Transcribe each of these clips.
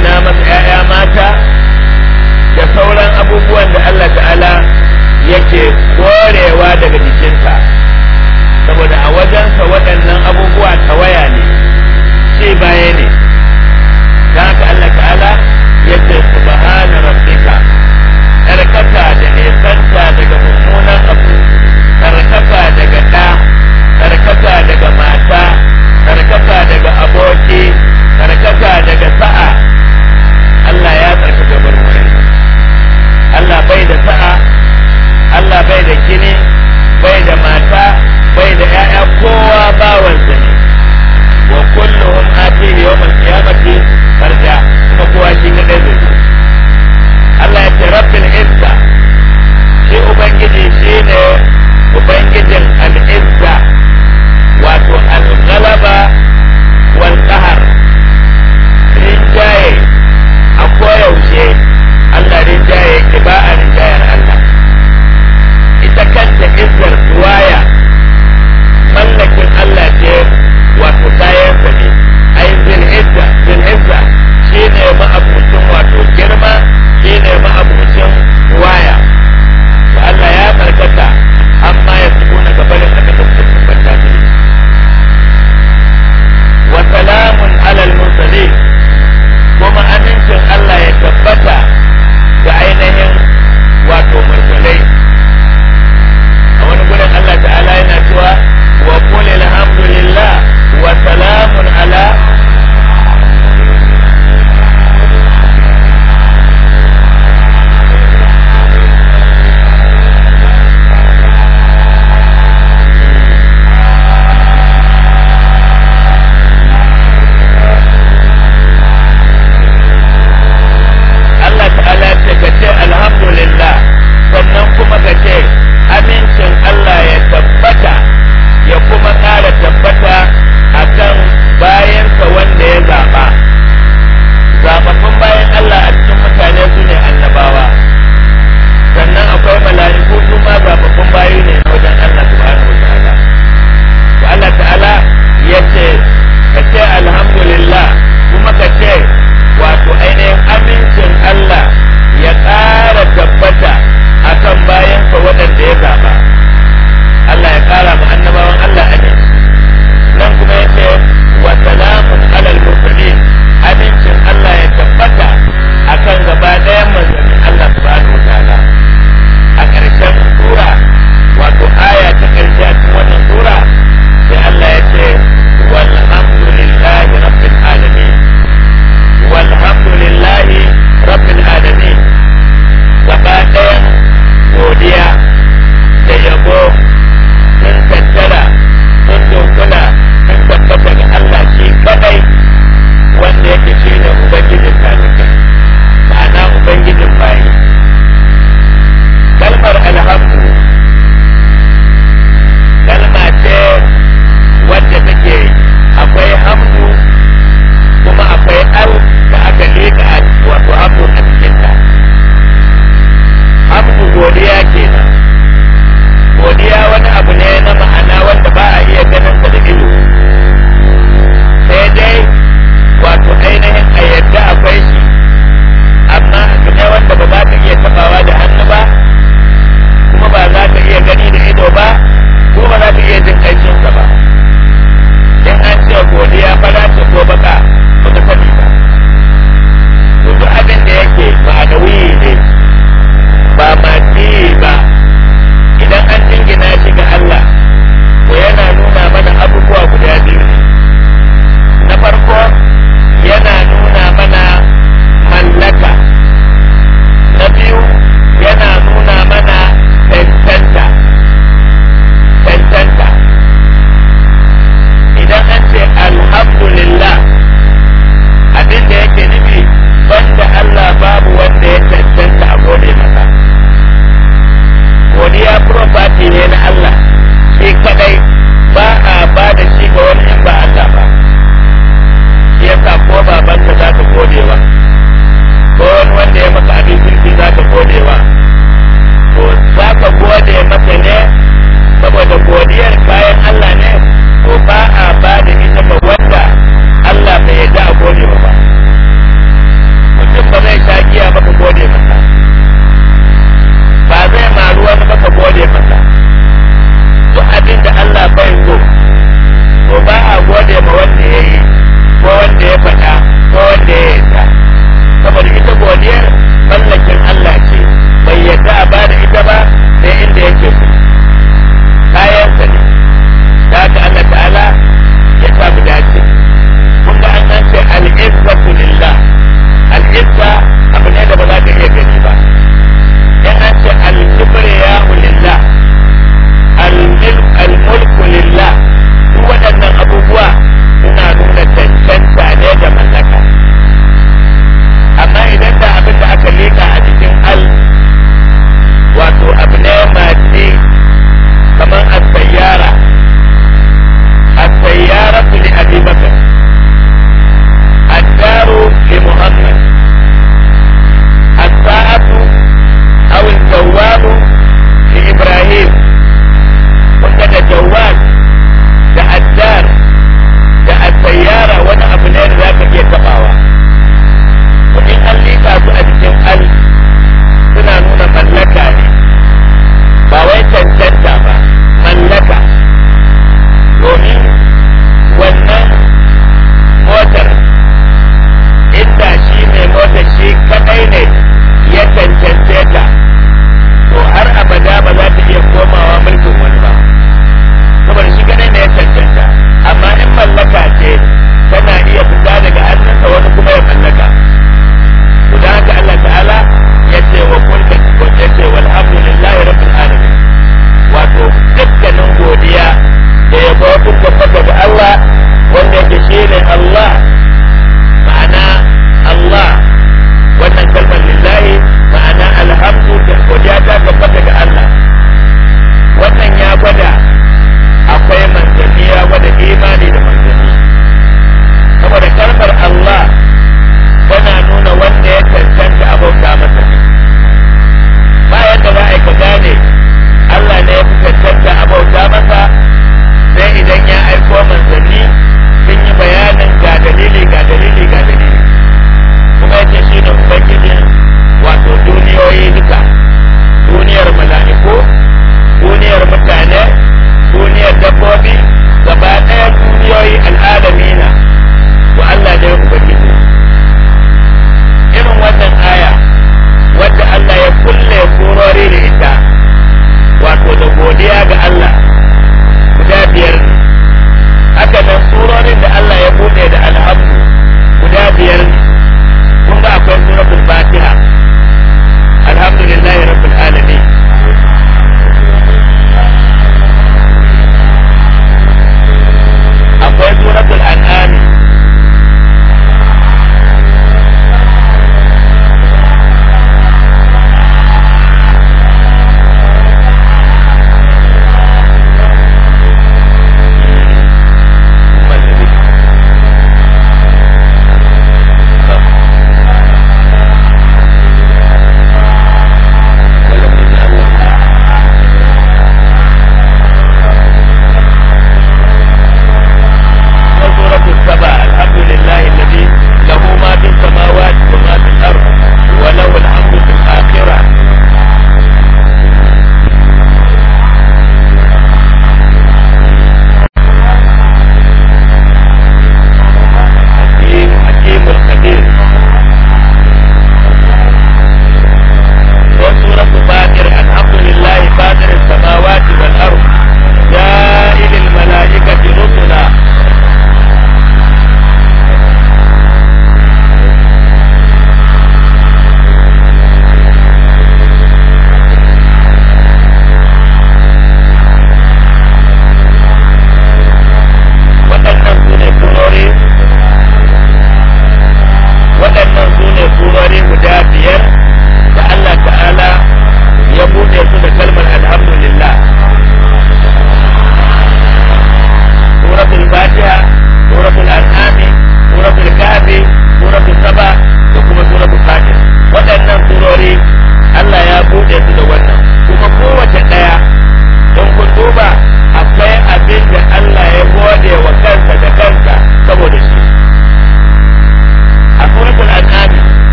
zina masa ‘ya'ya mata da sauran abubuwan da Allah ta'ala yake korewa daga jikinta saboda a wajensa waɗannan abubuwa tawaya ne ce baya ne ta haka Allah ta'ala yake subhana rabbika karkata da nesanta daga mummunan abu karkata daga ɗa karkata daga mata karkata daga aboki karkata daga sa'a Allah ya tsarki gabar mutum Allah bai da sa'a Allah bai da kini bai da mata bai da ‘ya'ya kowa bawansa ne wa kulluhum atihi yawmal qiyamati farda kuma kowa shi kadai zai Allah ya ce rabbil izza shi ubangiji shine ubangijin al-izza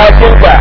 bakinka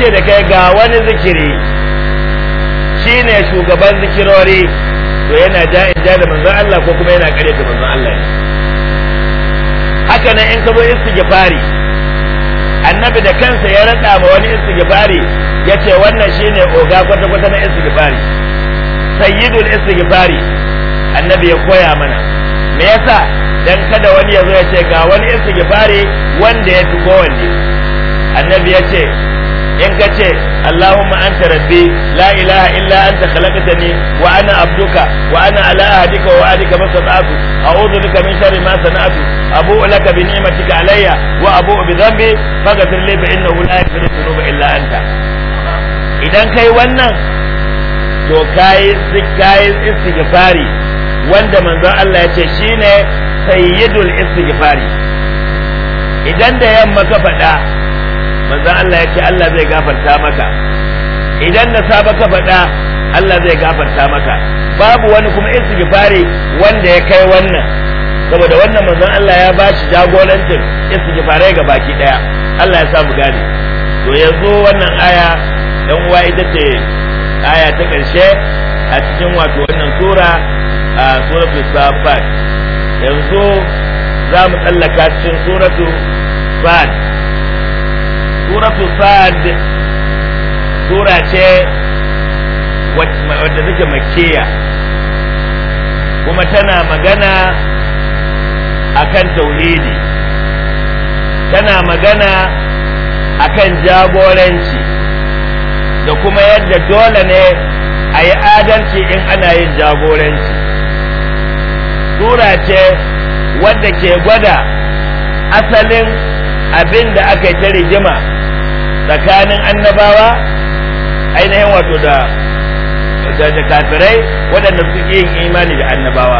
ce da kai ga wani zikiri shine shugaban zikirori to yana ja'in da manzon Allah ko kuma yana kare da manzon Allah ne haka nan in ka zo istighfari annabi da kansa ya rada ma wani istighfari yace wannan shine oga kwata kwata na istighfari sayyidul istighfari annabi ya koya mana me yasa dan kada wani ya zo ya ce ga wani istighfari wanda ya fi kowanne annabi ya ce in ka ce Allahumma anta rabbi la ilaha illa anta khalaqtani wa ana abduka wa ana ala ahdika wa ahdika masata'tu a'udhu bika min sharri ma sana'tu abu'u laka bi ni'matika alayya wa abu'u bi dhanbi faghfir li fa innahu la yaghfiru dhunuba illa anta idan kai wannan to kai kai istighfari wanda manzon Allah ya ce shine sayyidul istighfari idan da yamma ka faɗa Manzan Allah ya ce Allah zai gafarta maka idan na saba ka faɗa Allah zai gafarta maka babu wani kuma in istighfari wanda ya kai wannan saboda wannan manzan Allah ya ba shi jagorancin gifare ga baki ɗaya Allah ya sa mu gane to yanzu wannan aya dan uwa ita ce aya ta ƙarshe a cikin wato wannan sura a suratul safat yanzu za mu tsallaka cikin suratu sad suratu sad sura ce wadda take makkiya kuma tana magana kan tauhidi tana magana akan jagoranci da kuma yadda dole ne a yi adalci in ana yin jagoranci sura ce wadda ke gwada asalin abin da aka yi ta rigima tsakanin annabawa ainihin wato da da kafirai waɗanda suke yin imani da annabawa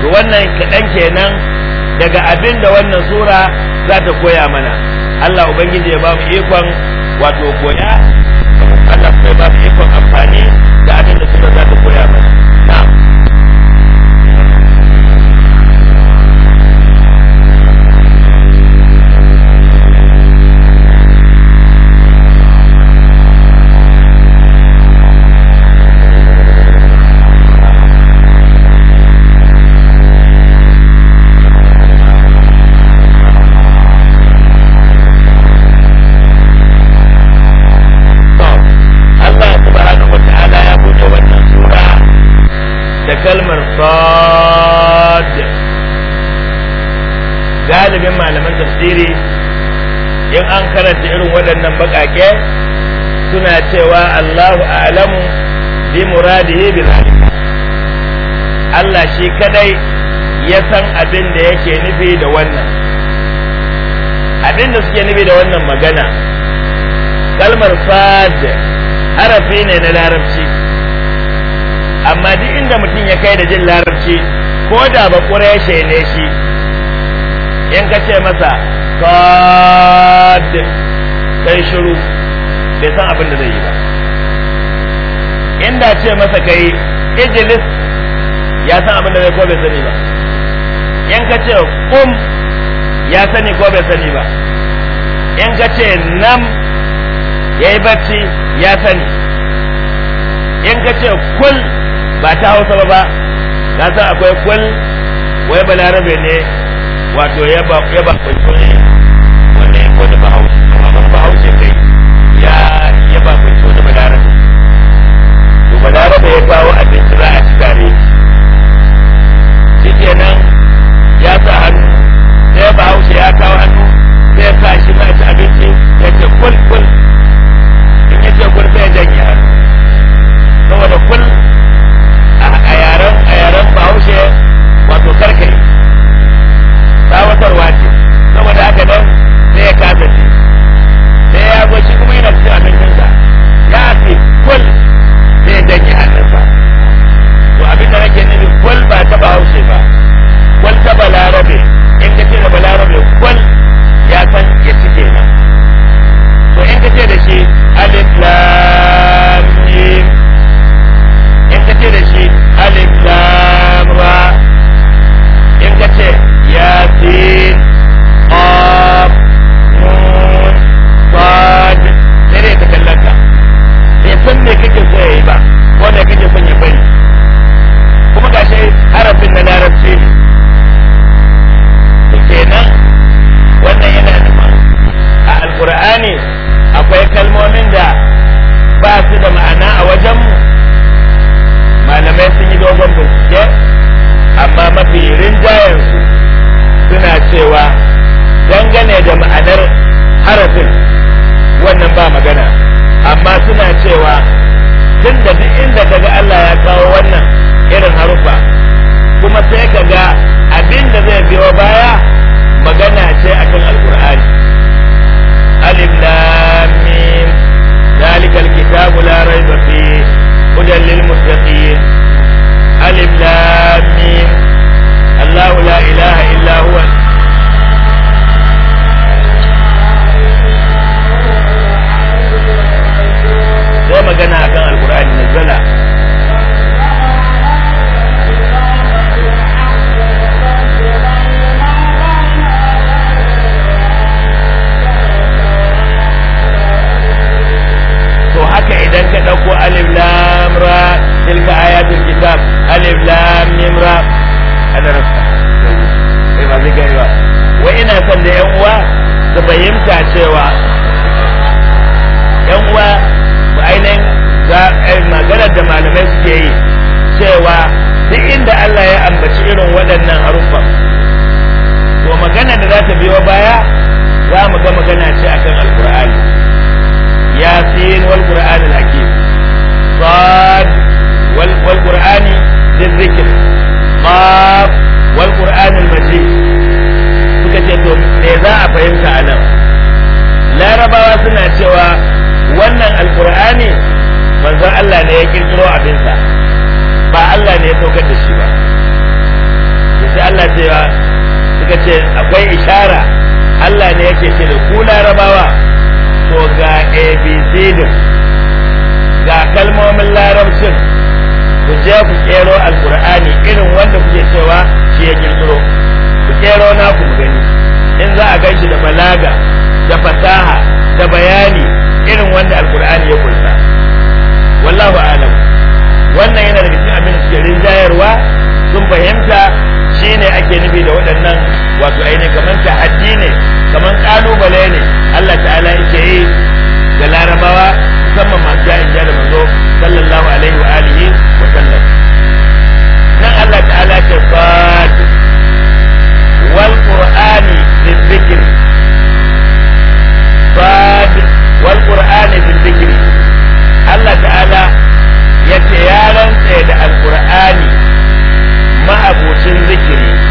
to wannan kaɗan kenan daga abin da wannan sura za ta koya mana Allah Ubangiji ya ba mu ikon wato koya Allah kuma ya ba mu ikon amfani da abin da sura za ta koya mana karanta irin waɗannan baƙaƙe suna cewa Allahu a'lamu bi muradihi bil Allah shi kadai ya san abin da yake nufi da wannan abin da suke nufi da wannan magana kalmar fad harafi ne na larabci amma duk inda mutum ya kai da jin larabci ko da ba ƙureshe ne shi in ka ce masa sad kai shiru bai san abin da zai yi ba inda ce masa kai ijlis ya san abin da zai ko bai sani ba in ka ce kum ya sani ko bai sani ba in ka ce nam ya yi bacci ya sani in ka ce kul ba ta hausa ba ba ga san akwai kul wai balarabe ne wato ya ba ya ba ne wanda ya kwata ba hausa kuma ba hausa kai ya ya ba kwanto da balarabe to balarabe ya kawo abinci za a ci tare shi kenan ya sa hannu ya ba hausa ya kawo ake nufi da waɗannan wato ainihin kamar ta'addi ne kamar kalubale ne Allah ta'ala yake yi ga larabawa musamman masu yayin da manzo sallallahu alaihi wa alihi wa sallam nan Allah ta'ala ke fadi wal qur'ani bil dhikr fadi wal qur'ani bil dhikr Allah ta'ala yake ya rantsa da al qur'ani abocin zikiri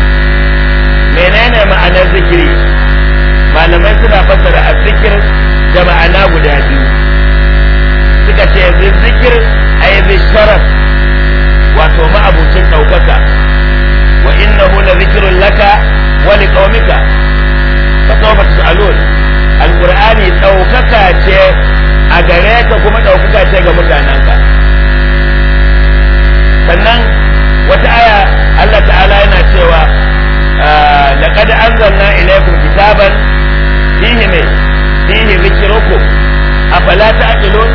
ma'anar zikiri malamai suna fassara azzikir da ma'ana guda biyu suka ce zikir ai zisharaf wato ma'abucin ɗaukaka wa innahu hula zikirun laka wa liqaumika fa su tus'alun Al'ƙur'ani ɗaukaka ce a gare ka kuma ɗaukaka ce ga mutanenka sannan wata aya Allah ta'ala yana cewa laqad anzalna ilaykum kitaban fihi ne fihi zikrukum afala ta'qilun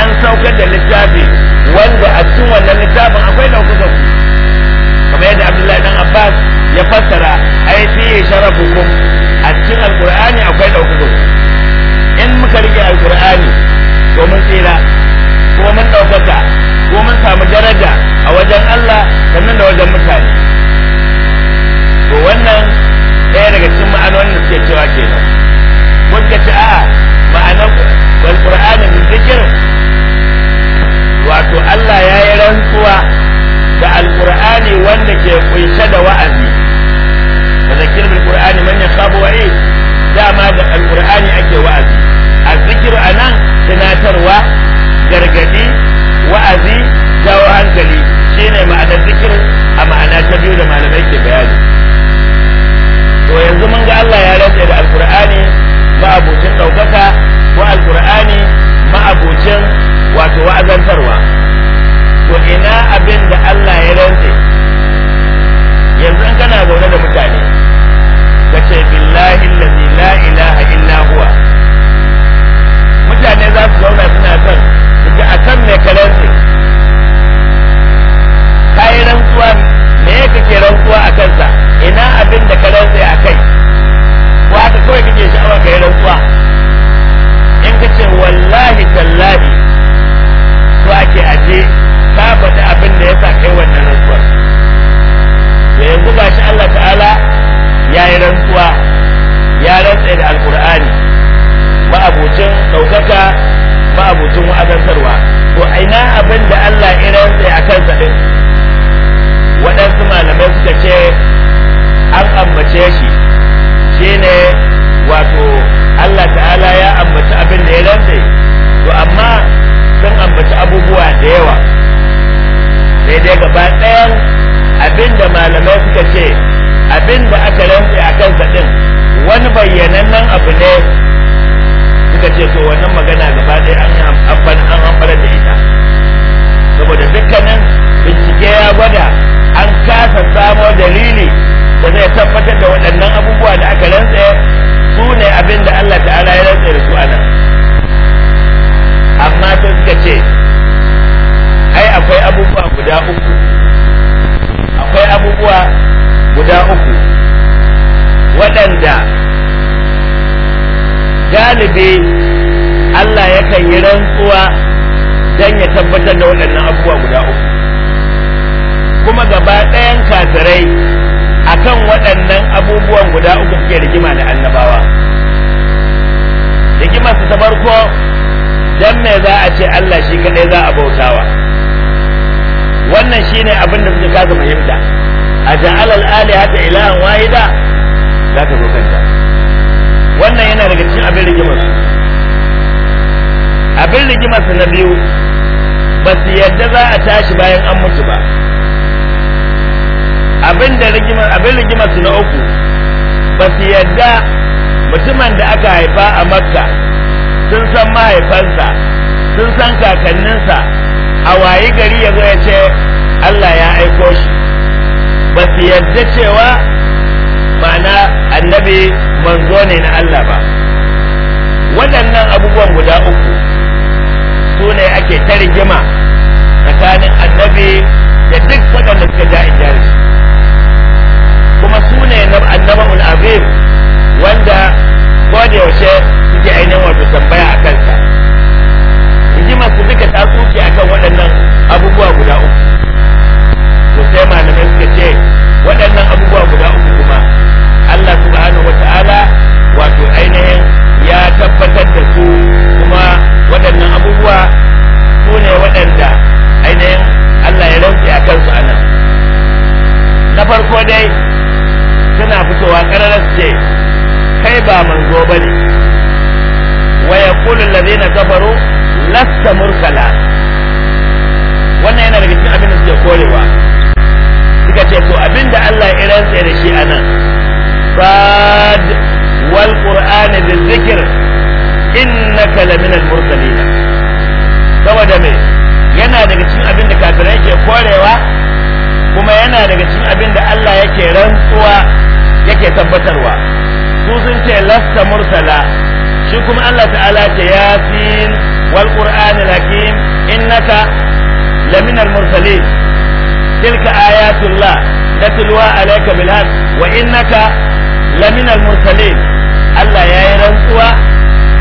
an saukar da littafi wanda a cikin wannan littafin akwai daukakan kamar yadda Abdullahi dan Abbas ya fassara ai fihi sharafukum a cikin alqur'ani akwai daukakan in muka rike alqur'ani to mun tsira ko mun daukaka ko mun samu daraja a wajen Allah sannan da wajen mutane ɗaya daga cikin ma'anonin wannan ce cewa nan wanda ce a ma'anar wal min zikr wato Allah ya yi rantsuwa da alqur'ani wanda ke kunshe da wa'azi da zakir bil qur'ani man yakhabu dama da alqur'ani ake wa'azi a anan tunatarwa gargadi wa'azi jawo hankali shine ma'anar zikir a ma'ana ta biyu da malamai ke bayani to yanzu mun ga Allah ya rantsa da alkur'ani ma'abucin ɗaukaka ko alkur'ani ma'abucin wato wa'azantarwa to ina abin da Allah ya rantsa yanzu in kana zaune da mutane ka ce billahi allazi la ilaha illa huwa mutane za su zauna suna son su ji akan me ka rantsa ka yi rantsuwa me kake rantsuwa a kansa ina abin da ka rantse a kai ko aka kawai kake sha'awa ka yi rantsuwa in ka ce wallahi tallahi to ake aje ka faɗi abin da ya sa kai wannan rantsuwar to yanzu ba shi Allah ta'ala ya yi rantsuwa ya rantse da alkur'ani ma'abucin ɗaukaka ma'abucin wa'azantarwa to ina abin da Allah ya rantse a kansa ɗin waɗansu malamai suka ce an ambace shi shine wato Allah ta'ala ya ambaci abin da ya rantse to amma sun ambaci abubuwa da yawa sai dai gaba ɗayan abin da malamai suka ce abin da aka rantse a kansa ɗin wani bayyanannen abu ne suka ce to wannan magana gaba ɗaya an da ita saboda dukkanin bincike ya gwada kasa samo dalili da zai tabbatar da waɗannan abubuwa da aka rantse su ne abin da Allah ta'ala ya rantsa da su ana amma to suka ce ai akwai abubuwa guda uku akwai abubuwa guda uku waɗanda galibi Allah yakan yi rantsuwa don ya tabbatar da waɗannan abubuwa guda uku kuma gaba ɗayan kafirai kan waɗannan abubuwan guda uku suke rigima da annabawa Rigimarsa su ta farko don me za a ce Allah shi kaɗai za a bautawa wannan ne abin da suke kasa fahimta a ja'ala al-alihata ilahan wahida za ta zo kanta wannan yana daga cikin abin rigimar su abin rigimar su na biyu ba su yadda za a tashi bayan an mutu ba abin da rigima abin rigima su na uku ba su yadda mutumin da aka haifa a makka sun san mahaifansa sun san kakanninsa a wayi gari ya zo ya ce Allah ya aiko shi ba su yadda cewa ma'ana annabi manzo ne na Allah ba waɗannan abubuwan guda uku su ne ake ta rigima tsakanin annabi da duk waɗanda suka ja in kuma su ne annaba'ul azim wanda da yaushe suke ainihin wato tambaya a kansa rigimar masu duka ta tsuke kan waɗannan abubuwa guda uku to sai malamai suka ce waɗannan abubuwa guda uku kuma Allah subhanahu wata'ala wato ainihin ya tabbatar da su kuma waɗannan abubuwa su ne waɗanda ainihin Allah ya rantsi a kansu a nan na farko dai suna fitowa kararar ce kai ba manzo ba ne waya ya kulun lade na kafaru lasta murkala wannan yana daga cikin abin da suke korewa suka ce to abin da Allah ya rantsa da shi a nan sad wal qur'ani da zikir innaka laminal mursalin saboda me yana daga cikin abin da kafirai ke korewa kuma yana daga cikin abin da Allah yake rantsuwa yake tabbatarwa su sun ce lasta mursala shi kuma Allah ta'ala ce yasin wal qur'anil hakim innaka laminal mursalin tilka ayatullah natluwa alayka bil haqq wa innaka laminal mursalin Allah ya yi rantsuwa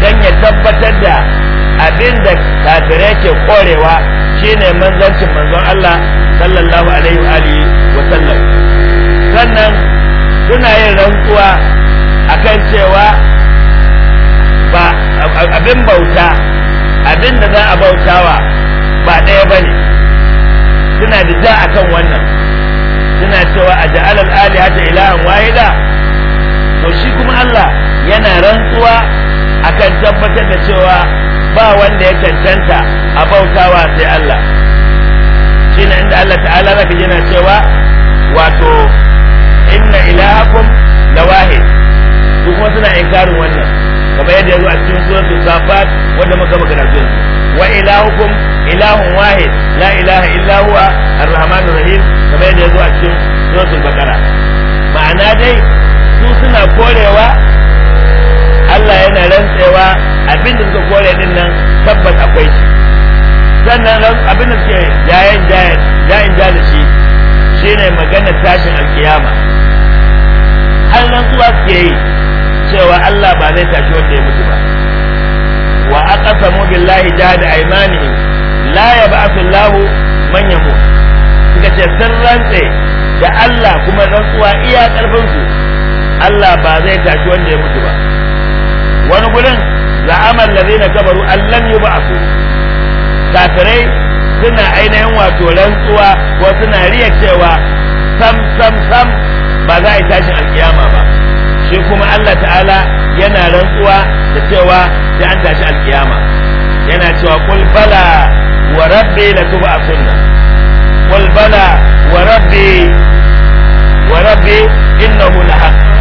dan ya tabbatar da abin da kafirai ke korewa shine manzancin manzon Allah sallallahu alaihi wa alihi wa sallam sannan suna yin rantsuwa akan cewa ba abin bauta abin da za a bautawa ba ɗaya bane suna da ja akan wannan suna cewa a ja'alal alihata ilahan wahida to shi kuma Allah yana rantsuwa akan tabbatar da cewa ba wanda ya cancanta a bautawa sai Allah shi ne inda Allah ta'ala zaka yana cewa wato inna ilahakum lawahid duk kuma suna inkarin wannan kamar yadda yazo a cikin suratul safat wanda muka magana yanzu wa ilahukum ilahun wahid la ilaha illa huwa arrahmanur rahim kamar yadda yazo a cikin suratul baqara ma'ana dai su suna korewa Allah yana rantsewa abin da suka kore din nan tabbas akwai shi sannan abin da suke yayin yayin da shi shine maganar tashin alkiyama har nan zuwa suke yi cewa Allah ba zai tashi wanda ya mutu ba wa aqsamu billahi jahada aymanihim la yab'athu Allahu man yamut suka ce sun rantse da Allah kuma rantsuwa iya karfin su Allah ba zai tashi wanda ya mutu ba wani gurin za'amal ladina kabaru allan su. kafirai suna ainihin wato rantsuwa ko suna riya cewa sam sam sam ba za a yi tashin alkiyama ba shi kuma Allah ta'ala yana rantsuwa da cewa sai an tashi alkiyama yana cewa qul bala wa rabbi latub'asunna qul bala wa rabbi wa rabbi innahu lahaq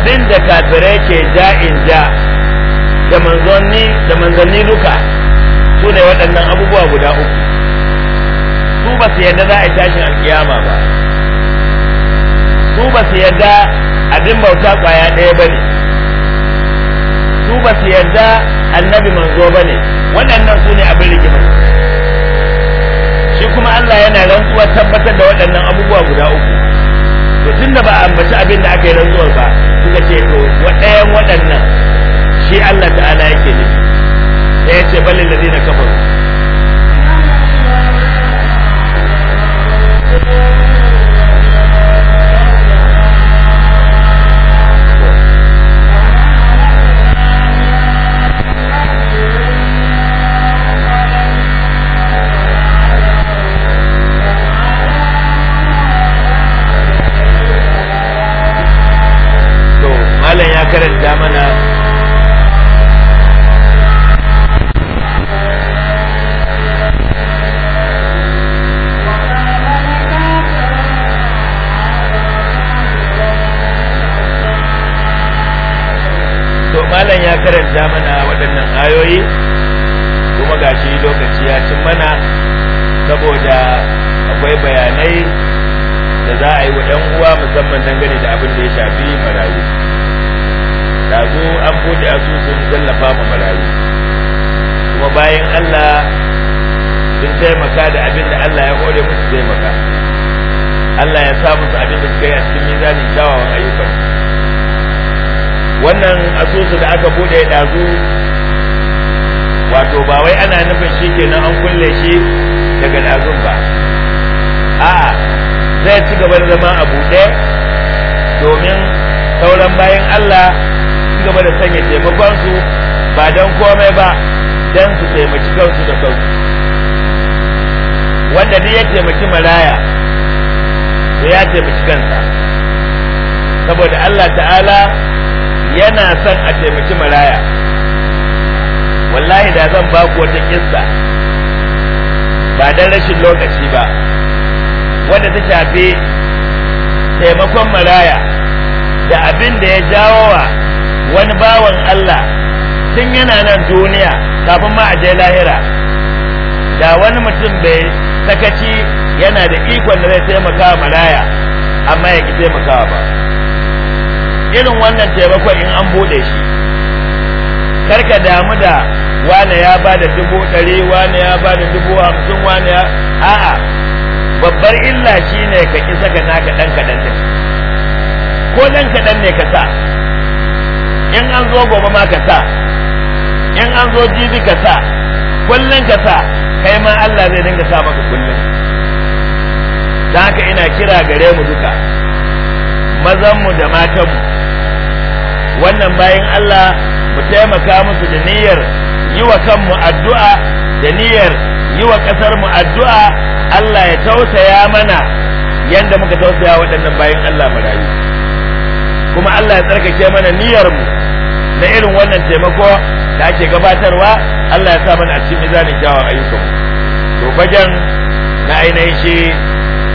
da kafirai ke ja'in ja da manzanni da manzanni duka su ne waɗannan abubuwa guda uku su ba su yadda za a yi tashin alkiyama ba su ba su yadda abin bauta kwaya ɗaya ba ne su ba su yadda annabi manzo ba ne waɗannan su ne abin rigimar shi kuma Allah yana rantsuwa tabbatar da waɗannan abubuwa guda uku to tunda ba a ambaci abin da aka yi rantsuwar ba suka ce to ɗayan waɗannan shi Allah ta'ala yake nufi sai ya ce balin da na kafaru ayoyi kuma shi lokaci ya cin mana saboda akwai bayanai da za a yi wa 'yan uwa musamman dangane da abin da ya shafi marayu dazu an bude asusun tallafa ma marayu kuma bayan Allah sun taimaka da abin da Allah ya hore musu taimaka Allah ya sa musu abin da suka yi a cikin mizanin kyawawan ayyukan wannan asusu da aka bude dazu wato ba wai ana nufin shi kenan an kulle shi daga nazun ba a'a zai ci gaba da zama a buɗe domin sauran bayan Allah ci gaba da sanya taimakonsu ba don komai ba don su taimaki kansu da kansu wanda duk ya taimaki maraya to ya taimaki kansa saboda Allah ta'ala yana son a taimaki maraya wallahi da zan ba ku wata kissa ba dan rashin lokaci ba wanda ta shafi taimakon maraya da abin da ya jawo wa wani bawan Allah tun yana nan duniya kafin ma a je lahira da wani mutum bai sakaci yana da ikon da zai taimaka maraya amma ya ki taimakawa ba irin wannan taimakon in an buɗe shi karka damu da wane ya ba da dubu ɗari wane ya ba da dubu hamsin wane ya a'a babbar illa shi ne ka ki saka naka ɗan kaɗan ɗin ko ɗan kaɗan ne ka sa in an zo gobe ma ka sa in an zo jibi ka sa kullum ka sa kai ma Allah zai dinga sa maka kullum don haka ina kira gare mu duka mazanmu da matanmu wannan bayan Allah mu taimaka musu da niyyar yi wa kanmu addu'a da niyyar yi wa ƙasarmu addu'a Allah ya tausaya mana yanda muka tausaya waɗannan bayan Allah marayu kuma Allah ya tsarkake mana niyyar mu na irin wannan taimako da ake gabatarwa Allah ya sa mana a cikin mizanin kyawun ayyukan to bajan na ainihin shi